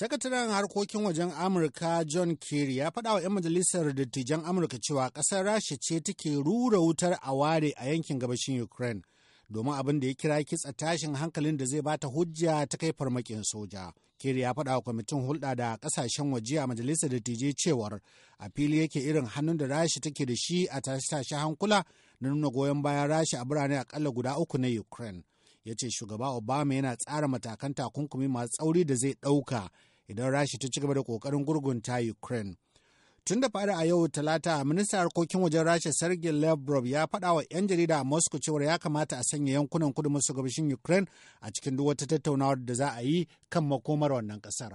Sakataren harkokin wajen Amurka John Kerry ya faɗa wa 'yan majalisar dattijan Amurka cewa ƙasar Rasha ce take rura wutar a ware a yankin gabashin Ukraine domin abin da ya kira kitsa tashin hankalin da zai bata hujja ta kai farmakin soja. Kerry ya faɗa wa kwamitin hulɗa da ƙasashen waje a majalisar dattijai cewar a fili yake irin hannun da Rasha take da shi a tashe-tashe hankula na nuna goyon bayan Rasha a birane akalla guda uku na Ukraine. ya ce shugaba obama yana tsara matakan takunkumi masu tsauri da zai ɗauka idan rashi ta ci gaba da ƙoƙarin gurgunta ukraine tun da fari a yau talata Minista harkokin wajen rasha sergei lavrov ya faɗa wa 'yan jarida a moscow cewar ya kamata a sanya yankunan kudu maso gabashin ukraine a cikin duk wata tattaunawar da za a yi kan makomar wannan ƙasar